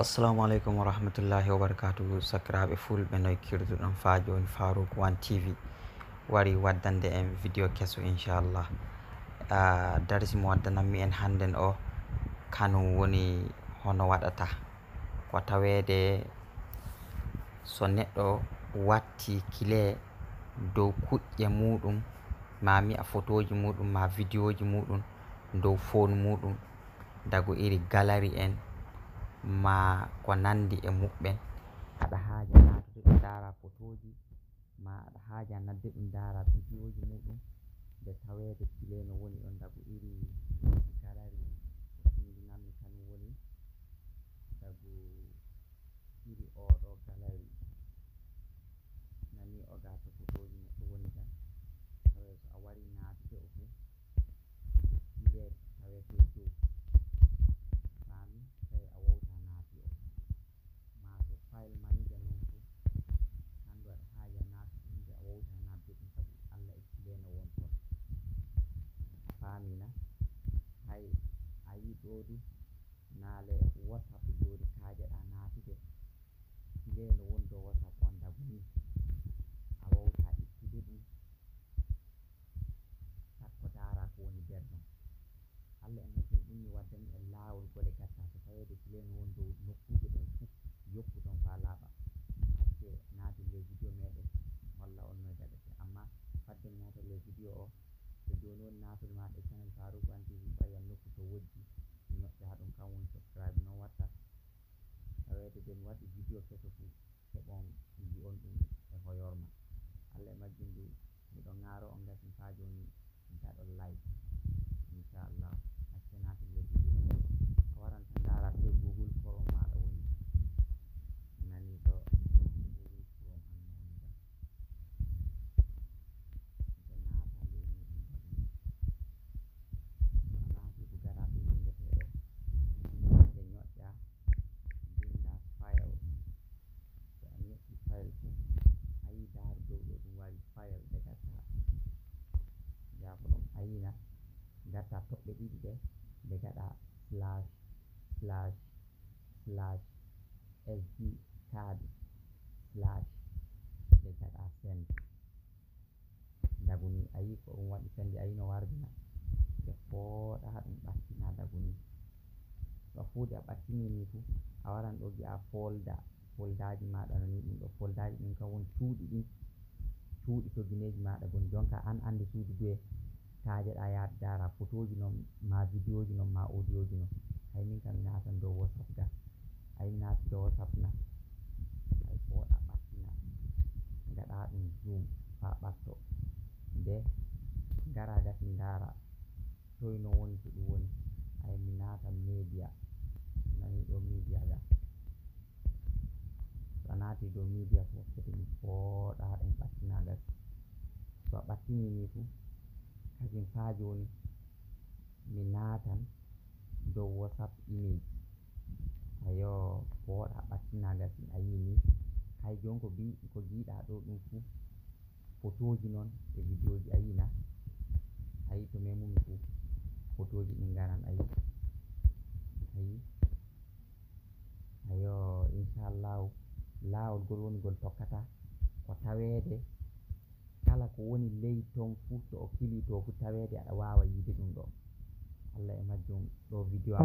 assalamu aleykum warahmatullahi wabarakatu sakiraɓe fulɓe noy kirduɗon fa joni farouk one tv wari waddande en vidéo kesso inchallah uh, darsi mo waddanami en hannden o kanum woni hono waɗata ko tawede so neɗɗo watti kile dow kuƴƴe muɗum ma mi'a photoji muɗum ma vidéoji muɗum dow fone muɗum dago iri galari en ma ko nandi e muɓɓen aɗa haaja naatude ɗum ndaara photoji ma aɗa haaja nadde ɗum ndaara vidiyoji muɗum nde taweede pileno woni ɗon dago iri joɗi nale whatsapp joɗi kaje ɗa natude lelo woni dow whatsapp on dagoni a wawta ittude ɗum sakko dara ko woni berdon allah en nasin ɗumni waddani en lawol gole gatta so tawede ko leno woni dow nokkuje ɗen fo yoppu ton fa laaɓa hacce naati le video meɗen walla on noy gaɗete amma faddeni nata le video o so joni woni natude maɗe channel farou ɓandi ɓayan nokku to woddi wadda haɗum kam woni subscribe non watta awede den waɗi video keto fu keɓon ji on ɗum e hoyorma allah e majjindu miɗo gaaro on gasin fa joni daɗon like toɓɓe ɗiɗi ɗe ɓe gaɗa slash slash slash sd card slash ɓe gaɗa send daguni ayi ko ɗum waɗi sendi ayi no wardina ɓe fooɗa ha ɗum ɓattina daguni to fuude a ɓattinini fu a waran ɗo gi'a folda foldaji maɗa noni ɗum ɗo foldaji ɗin kam woni cuuɗi ɗin cuuɗi to guineji maɗa goni jonka an andi cuuɗi duye taaje ɗa yaade ndaara photo ji noon ma vidéo ji noon ma audio ji noon hay min kam mi naatan dow whatsapp ga hay mi naati dow whatsapp na hay fooɗa ɓattina ngaɗa ɗum zoom faa ɓatto nde ngara gati ndaara toy no woni to ɗum woni hay mi naatan média nani ɗo média ga so a naati dow média fof kadi mi fooɗa ɗum ɓattina gati so a ɓattini ni fuu kadin ha joni mi natan dow whatsapp image ayo woɗa ɓattinagasi a yini hay jon ko bi ko jiɗa ɗo ɗum fu photoji noon e vidioji ayina ayi to memumi fu photoji ɗin garan ayi ayi ayo inchallahu lawol gol woni gol tokkata ko tawede kala ko woni ley ton fuu o fili to fuu taweede aɗa wawa yiide ɗum ɗo allah e majjum ɗo vidéo a